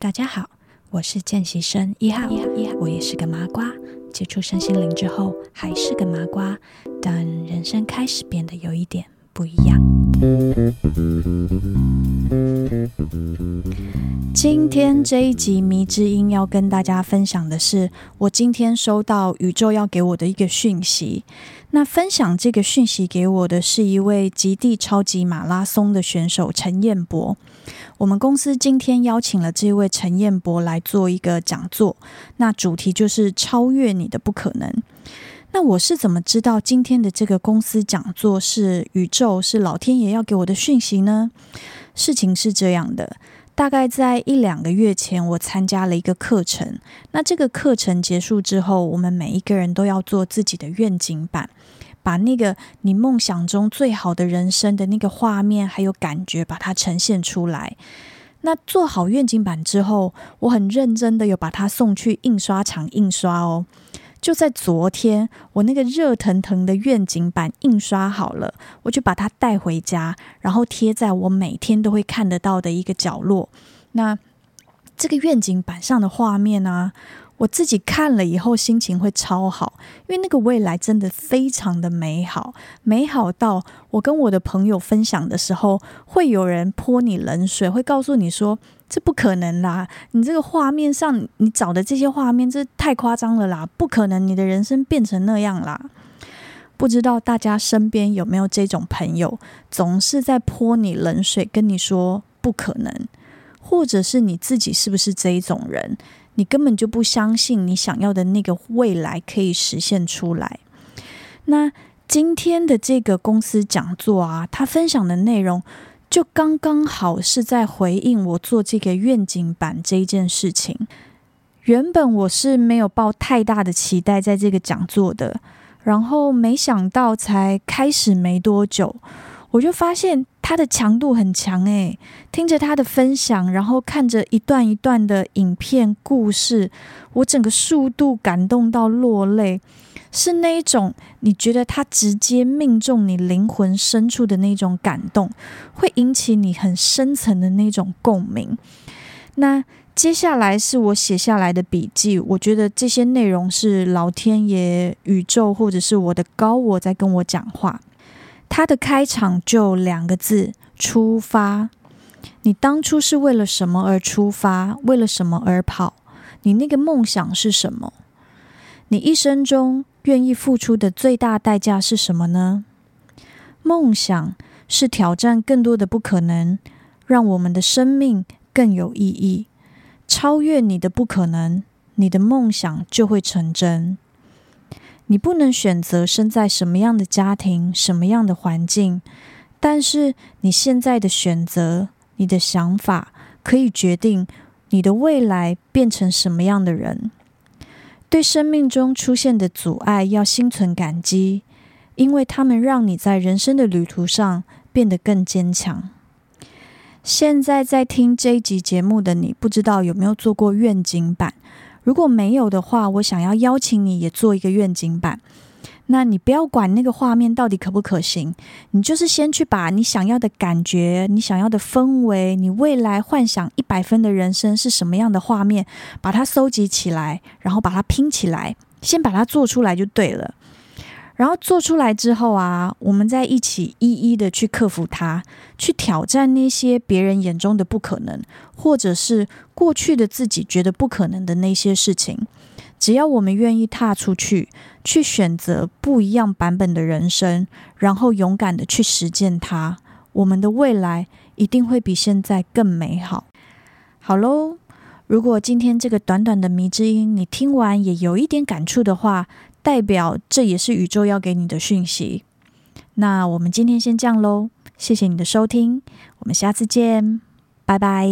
大家好，我是見習生一號，一號，一號。我也是個麻瓜，接觸身心靈之後還是個麻瓜，但人生開始變得有一點不一樣。今天這一集《謎之音》要跟大家分享的是，我今天收到宇宙要給我的一個訊息。那分享這個訊息給我的是一位極地超級馬拉松的選手陳彥博。我們公司今天邀請了這位陳彥博來做一個講座，那主題就是超越你的不可能。那我是怎麼知道今天的這個公司講座是宇宙，是老天爺要給我的訊息呢？事情是這樣的，大概在一兩個月前，我參加了一個課程。那這個課程結束之後，我們每一個人都要做自己的願景板，把那個你夢想中最好的人生的那個畫面還有感覺，把它呈現出來。那做好願景板之後，我很認真的有把它送去印刷廠印刷哦。就在昨天，我那個熱騰騰的願景板印刷好了，我就把它帶回家，然後貼在我每天都會看得到的一個角落。那這個願景板上的畫面啊，我自己看了以後心情會超好，因為那個未來真的非常的美好，美好到我跟我的朋友分享的時候，會有人潑你冷水，會告訴你說，這不可能啦！你這個畫面上，你找的這些畫面，這太誇張了啦！不可能，你的人生變成那樣啦！不知道大家身邊有沒有這種朋友，總是在潑你冷水，跟你說不可能，或者是你自己是不是這一種人？你根本就不相信你想要的那個未來可以實現出來。那今天的這個公司講座啊，他分享的內容，就剛剛好是在回應我做這個願景板這件事情。原本我是沒有抱太大的期待在這個講座的，然後沒想到才開始沒多久。我就發現他的強度很強哎，聽着他的分享，然後看着一段一段的影片故事，我整個速度感動到落淚，是那一種你覺得他直接命中你靈魂深處的那種感動，會引起你很深層的那種共鳴。那接下來是我寫下來的筆記，我覺得這些內容是老天爺、宇宙或者是我的高我在跟我講話。他的開場就兩個字：出發。你當初是為了什麼而出發？為了什麼而跑？你那個夢想是什麼？你一生中願意付出的最大代價是什麼呢？夢想是挑戰更多的不可能，讓我們的生命更有意義。超越你的不可能，你的夢想就會成真。你不能選擇生在什麼樣的家庭，什麼樣的環境，但是你現在的選擇，你的想法，可以決定你的未來變成什麼樣的人。對生命中出現的阻礙要心存感激，因為它們讓你在人生的旅途上變得更堅強。現在在聽這一集節目的你，不知道有沒有做過願景版？如果沒有的話，我想要邀請你也做一個願景板。那你不要管那個畫面到底可不可行，你就是先去把你想要的感覺、你想要的氛圍、你未來幻想一百分的人生是什麼樣的畫面，把它搜集起來，然後把它拼起來，先把它做出來就對了。然後做出來之後啊，我們再一起一一的去克服它，去挑戰那些別人眼中的不可能，或者是過去的自己覺得不可能的那些事情。只要我們願意踏出去，去選擇不一樣版本的人生，然後勇敢的去實踐它，我們的未來一定會比現在更美好。好嘍，如果今天這個短短的謎之音你聽完也有一點感觸的話，代表這也是宇宙要給你的訊息。那我們今天先這樣嘍，謝謝你的收聽，我們下次見，拜拜。